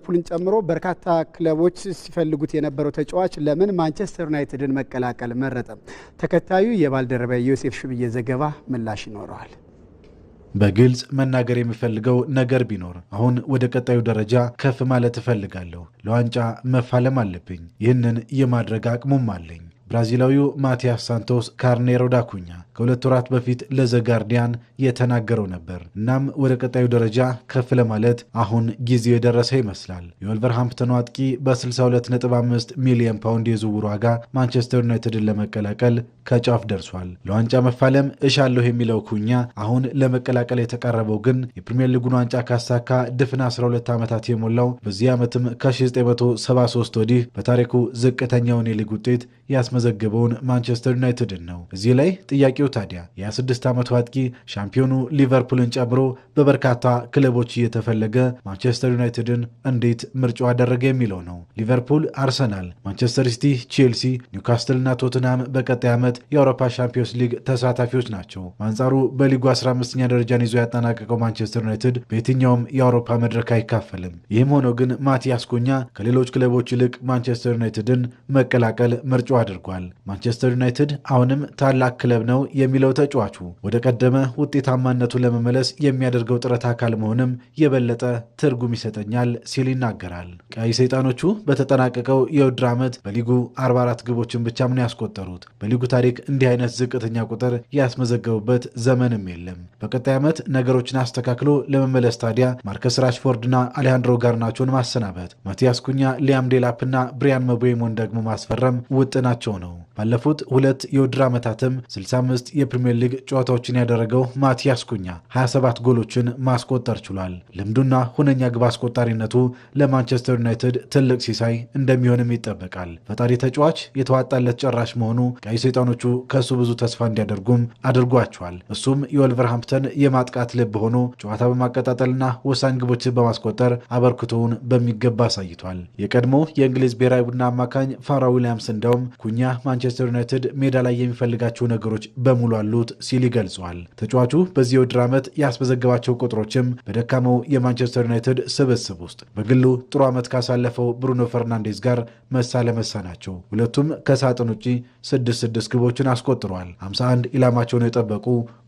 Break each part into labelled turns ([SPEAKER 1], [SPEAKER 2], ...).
[SPEAKER 1] ሊቨርፑልን ጨምሮ በርካታ ክለቦች ሲፈልጉት የነበረው ተጫዋች ለምን ማንቸስተር ዩናይትድን መቀላቀል መረጠ? ተከታዩ የባልደረባ ዮሴፍ ሽብዬ ዘገባ ምላሽ ይኖረዋል።
[SPEAKER 2] በግልጽ መናገር የምፈልገው ነገር ቢኖር አሁን ወደ ቀጣዩ ደረጃ ከፍ ማለት እፈልጋለሁ። ለዋንጫ መፋለም አለብኝ። ይህንን የማድረግ አቅሙም አለኝ። ብራዚላዊው ማቲያስ ሳንቶስ ካርኔሮ ዳኩኛ ኩኛ ከሁለት ወራት በፊት ለዘ ጋርዲያን የተናገረው ነበር። እናም ወደ ቀጣዩ ደረጃ ከፍ ለማለት አሁን ጊዜው የደረሰ ይመስላል። የወልቨርሃምፕተኑ አጥቂ በ625 ሚሊዮን ፓውንድ የዝውውር ዋጋ ማንቸስተር ዩናይትድን ለመቀላቀል ከጫፍ ደርሷል። ለዋንጫ መፋለም እሻለሁ የሚለው ኩኛ አሁን ለመቀላቀል የተቃረበው ግን የፕሪምየር ሊጉን ዋንጫ ካሳካ ድፍን 12 ዓመታት የሞላው በዚህ ዓመትም ከ1973 ወዲህ በታሪኩ ዝቅተኛውን የሊግ ውጤት ያስመ ያስመዘገበውን ማንቸስተር ዩናይትድን ነው። እዚህ ላይ ጥያቄው ታዲያ የ26 ዓመቱ አጥቂ ሻምፒዮኑ ሊቨርፑልን ጨምሮ በበርካታ ክለቦች እየተፈለገ ማንቸስተር ዩናይትድን እንዴት ምርጫው አደረገ የሚለው ነው። ሊቨርፑል፣ አርሰናል፣ ማንቸስተር ሲቲ፣ ቼልሲ፣ እና ቶትናም በቀጣይ ዓመት የአውሮፓ ሻምፒዮንስ ሊግ ተሳታፊዎች ናቸው። በአንጻሩ በሊጉ 15ኛ ደረጃን ይዞ ያጠናቀቀው ማንቸስተር ዩናይትድ በየትኛውም የአውሮፓ መድረክ አይካፈልም። ይህም ሆኖ ግን ማቲያስ ኩኛ ከሌሎች ክለቦች ይልቅ ማንቸስተር ዩናይትድን መቀላቀል ምርጫው አድርጓል። አድርጓል። ማንቸስተር ዩናይትድ አሁንም ታላቅ ክለብ ነው የሚለው ተጫዋቹ ወደ ቀደመ ውጤታማነቱ ለመመለስ የሚያደርገው ጥረት አካል መሆንም የበለጠ ትርጉም ይሰጠኛል ሲል ይናገራል። ቀይ ሰይጣኖቹ በተጠናቀቀው የውድድር ዓመት በሊጉ 44 ግቦችን ብቻም ምን ያስቆጠሩት። በሊጉ ታሪክ እንዲህ አይነት ዝቅተኛ ቁጥር ያስመዘገቡበት ዘመንም የለም። በቀጣይ ዓመት ነገሮችን አስተካክሎ ለመመለስ ታዲያ ማርከስ ራሽፎርድና አሌሃንድሮ ጋርናቾን ማሰናበት፣ ማቲያስ ኩኛ፣ ሊያም ዴላፕና ብሪያን መቦይሞን ደግሞ ማስፈረም ውጥናቸውን phenomenal ባለፉት ሁለት የውድድር ዓመታትም 65 የፕሪምየር ሊግ ጨዋታዎችን ያደረገው ማቲያስ ኩኛ 27 ጎሎችን ማስቆጠር ችሏል። ልምዱና ሁነኛ ግብ አስቆጣሪነቱ ለማንቸስተር ዩናይትድ ትልቅ ሲሳይ እንደሚሆንም ይጠበቃል። ፈጣሪ ተጫዋች የተዋጣለት ጨራሽ መሆኑ ቀይ ሰይጣኖቹ ከእሱ ብዙ ተስፋ እንዲያደርጉም አድርጓቸዋል። እሱም የወልቨርሃምፕተን የማጥቃት ልብ ሆኖ ጨዋታ በማቀጣጠልና ወሳኝ ግቦችን በማስቆጠር አበርክቶውን በሚገባ አሳይቷል። የቀድሞ የእንግሊዝ ብሔራዊ ቡድን አማካኝ ፋራ ዊሊያምስ እንደውም ኩኛ ማንቸስተር ማንቸስተር ዩናይትድ ሜዳ ላይ የሚፈልጋቸው ነገሮች በሙሉ አሉት ሲል ይገልጿል። ተጫዋቹ በዚህ ውድድር ዓመት ያስመዘገባቸው ቁጥሮችም በደካመው የማንቸስተር ዩናይትድ ስብስብ ውስጥ በግሉ ጥሩ ዓመት ካሳለፈው ብሩኖ ፈርናንዴዝ ጋር መሳ ለመሳ ናቸው። ሁለቱም ከሳጥን ውጪ ስድስት ስድስት ግቦችን አስቆጥረዋል። 51 ኢላማቸውን የጠበቁ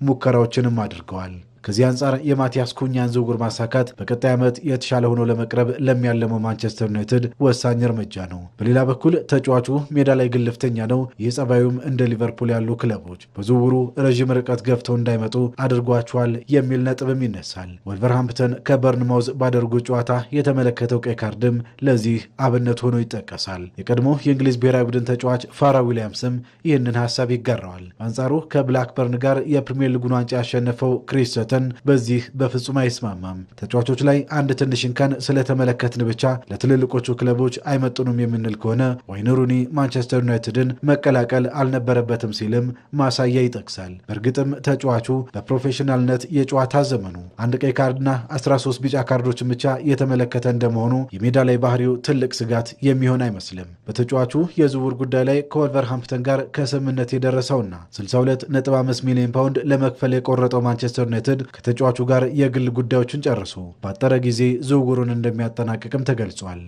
[SPEAKER 2] ሙከራዎችንም አድርገዋል። ከዚህ አንጻር የማቲያስ ኩኛን ዝውውር ማሳካት በቀጣይ ዓመት የተሻለ ሆኖ ለመቅረብ ለሚያለመው ማንቸስተር ዩናይትድ ወሳኝ እርምጃ ነው። በሌላ በኩል ተጫዋቹ ሜዳ ላይ ግልፍተኛ ነው። ይህ ጸባዩም እንደ ሊቨርፑል ያሉ ክለቦች በዝውውሩ ረዥም ርቀት ገፍተው እንዳይመጡ አድርጓቸዋል የሚል ነጥብም ይነሳል። ወልቨርሃምፕተን ከበርንማውዝ ባደርጉ ጨዋታ የተመለከተው ቀይ ካርድም ለዚህ አብነት ሆኖ ይጠቀሳል። የቀድሞ የእንግሊዝ ብሔራዊ ቡድን ተጫዋች ፋራ ዊሊያምስም ይህንን ሀሳብ ይጋራዋል። በአንጻሩ ከብላክበርን ጋር የፕሪምየር ሊጉን ዋንጫ ያሸነፈው ክሪስ ፓርተን በዚህ በፍጹም አይስማማም። ተጫዋቾች ላይ አንድ ትንሽ እንከን ስለተመለከትን ብቻ ለትልልቆቹ ክለቦች አይመጡንም የምንል ከሆነ ወይን ሩኒ ማንቸስተር ዩናይትድን መቀላቀል አልነበረበትም ሲልም ማሳያ ይጠቅሳል። በእርግጥም ተጫዋቹ በፕሮፌሽናልነት የጨዋታ ዘመኑ አንድ ቀይ ካርድና 13 ቢጫ ካርዶችን ብቻ የተመለከተ እንደመሆኑ የሜዳ ላይ ባህሪው ትልቅ ስጋት የሚሆን አይመስልም። በተጫዋቹ የዝውውር ጉዳይ ላይ ከወልቨርሃምፕተን ጋር ከስምምነት የደረሰውና 62.5 ሚሊዮን ፓውንድ ለመክፈል የቆረጠው ማንቸስተር ዩናይትድ ከተጫዋቹ ጋር የግል ጉዳዮችን ጨርሶ ባጠረ ጊዜ ዝውውሩን እንደሚያጠናቅቅም ተገልጿል።